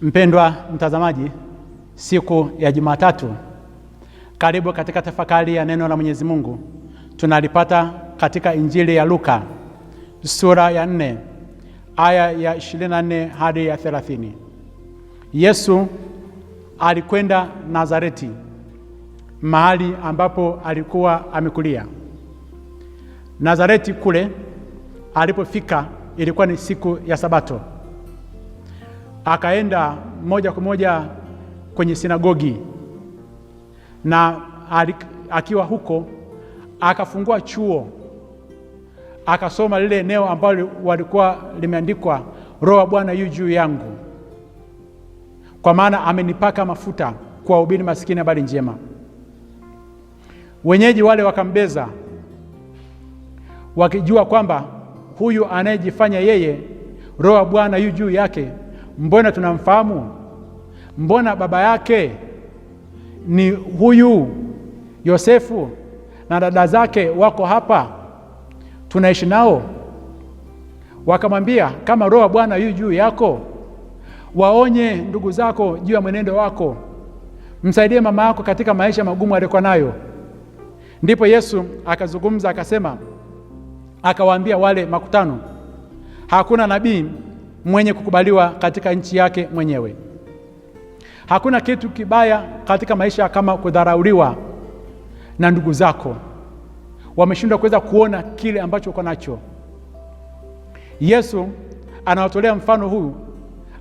Mpendwa mtazamaji, siku ya Jumatatu, karibu katika tafakari ya neno la Mwenyezi Mungu. Tunalipata katika Injili ya Luka sura ya nne aya ya 24 hadi ya 30. Yesu alikwenda Nazareti, mahali ambapo alikuwa amekulia. Nazareti kule alipofika ilikuwa ni siku ya Sabato akaenda moja kwa moja kwenye sinagogi na akiwa huko akafungua chuo akasoma lile eneo ambalo walikuwa limeandikwa Roho wa Bwana yu juu yangu, kwa maana amenipaka mafuta kuwahubiri masikini habari njema. Wenyeji wale wakambeza, wakijua kwamba huyu anayejifanya yeye Roho wa Bwana yu juu yake mbona tunamfahamu? Mbona baba yake ni huyu Yosefu na dada zake wako hapa, tunaishi nao. Wakamwambia, kama roho Bwana yu juu yako, waonye ndugu zako juu ya mwenendo wako, msaidie mama yako katika maisha magumu aliyokuwa nayo. Ndipo Yesu akazungumza akasema, akawaambia wale makutano, hakuna nabii mwenye kukubaliwa katika nchi yake mwenyewe. Hakuna kitu kibaya katika maisha kama kudharauliwa na ndugu zako, wameshindwa kuweza kuona kile ambacho uko nacho. Yesu anawatolea mfano huu,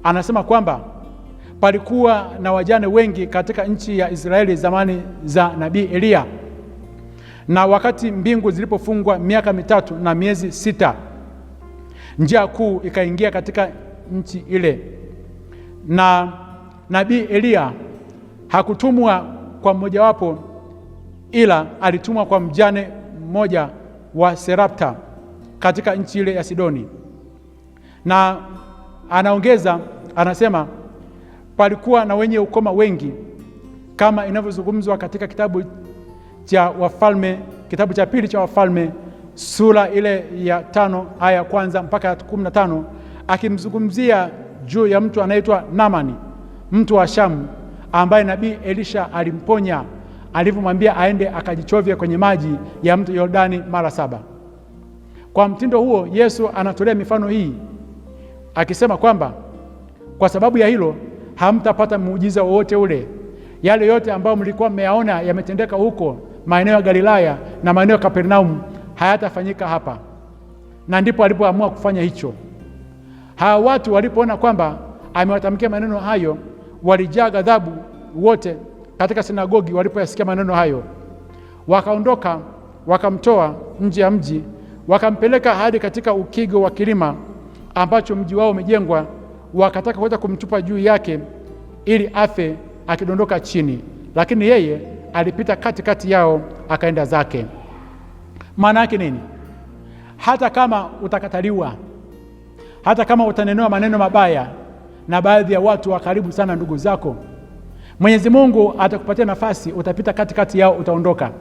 anasema kwamba palikuwa na wajane wengi katika nchi ya Israeli zamani za nabii Eliya, na wakati mbingu zilipofungwa miaka mitatu na miezi sita njia kuu ikaingia katika nchi ile. Na nabii Eliya hakutumwa kwa mmojawapo, ila alitumwa kwa mjane mmoja wa Serapta katika nchi ile ya Sidoni. Na anaongeza anasema, palikuwa na wenye ukoma wengi kama inavyozungumzwa katika kitabu cha Wafalme, kitabu cha pili cha Wafalme sura ile ya tano aya ya kwanza mpaka ya kumi na tano akimzungumzia juu ya mtu anaitwa Namani, mtu wa Shamu, ambaye nabii Elisha alimponya alivyomwambia aende akajichovya kwenye maji ya mto Yordani mara saba. Kwa mtindo huo, Yesu anatolea mifano hii akisema kwamba kwa sababu ya hilo hamtapata muujiza wowote ule. Yale yote ambayo mlikuwa mmeyaona yametendeka huko maeneo ya Galilaya na maeneo ya Kapernaumu hayatafanyika hapa, na ndipo alipoamua kufanya hicho. Hawa watu walipoona kwamba amewatamkia maneno hayo, walijaa ghadhabu wote katika sinagogi walipoyasikia maneno hayo, wakaondoka wakamtoa nje ya mji, wakampeleka hadi katika ukigo wa kilima ambacho mji wao umejengwa, wakataka kuweza kumtupa juu yake ili afe akidondoka chini, lakini yeye alipita katikati kati yao akaenda zake. Maana yake nini? Hata kama utakataliwa, hata kama utanenewa maneno mabaya na baadhi ya watu wa karibu sana, ndugu zako, Mwenyezi Mungu atakupatia nafasi, utapita katikati yao, utaondoka.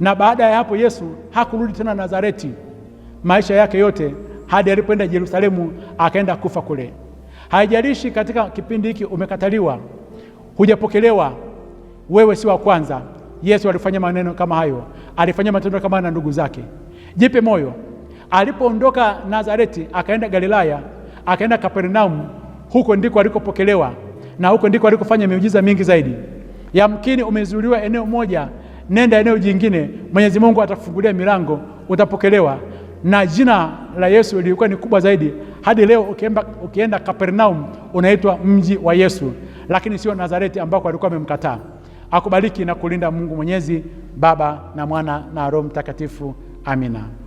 Na baada ya hapo, Yesu hakurudi tena Nazareti maisha yake yote hadi alipoenda Yerusalemu akaenda kufa kule. Haijalishi katika kipindi hiki umekataliwa, hujapokelewa, wewe si wa kwanza. Yesu alifanya maneno kama hayo, alifanya matendo kama na ndugu zake. Jipe moyo, alipoondoka Nazareti akaenda Galilaya, akaenda Kapernaumu, huko ndiko alikopokelewa na huko ndiko alikofanya miujiza mingi zaidi. Yamkini umezuliwa eneo moja, nenda eneo jingine, Mwenyezi Mungu atafungulia milango, utapokelewa. Na jina la Yesu lilikuwa ni kubwa zaidi, hadi leo ukienda, ukienda Kapernaum unaitwa mji wa Yesu, lakini sio Nazareti ambako alikuwa amemkataa. Akubariki na kulinda Mungu Mwenyezi, Baba na Mwana na Roho Mtakatifu. Amina.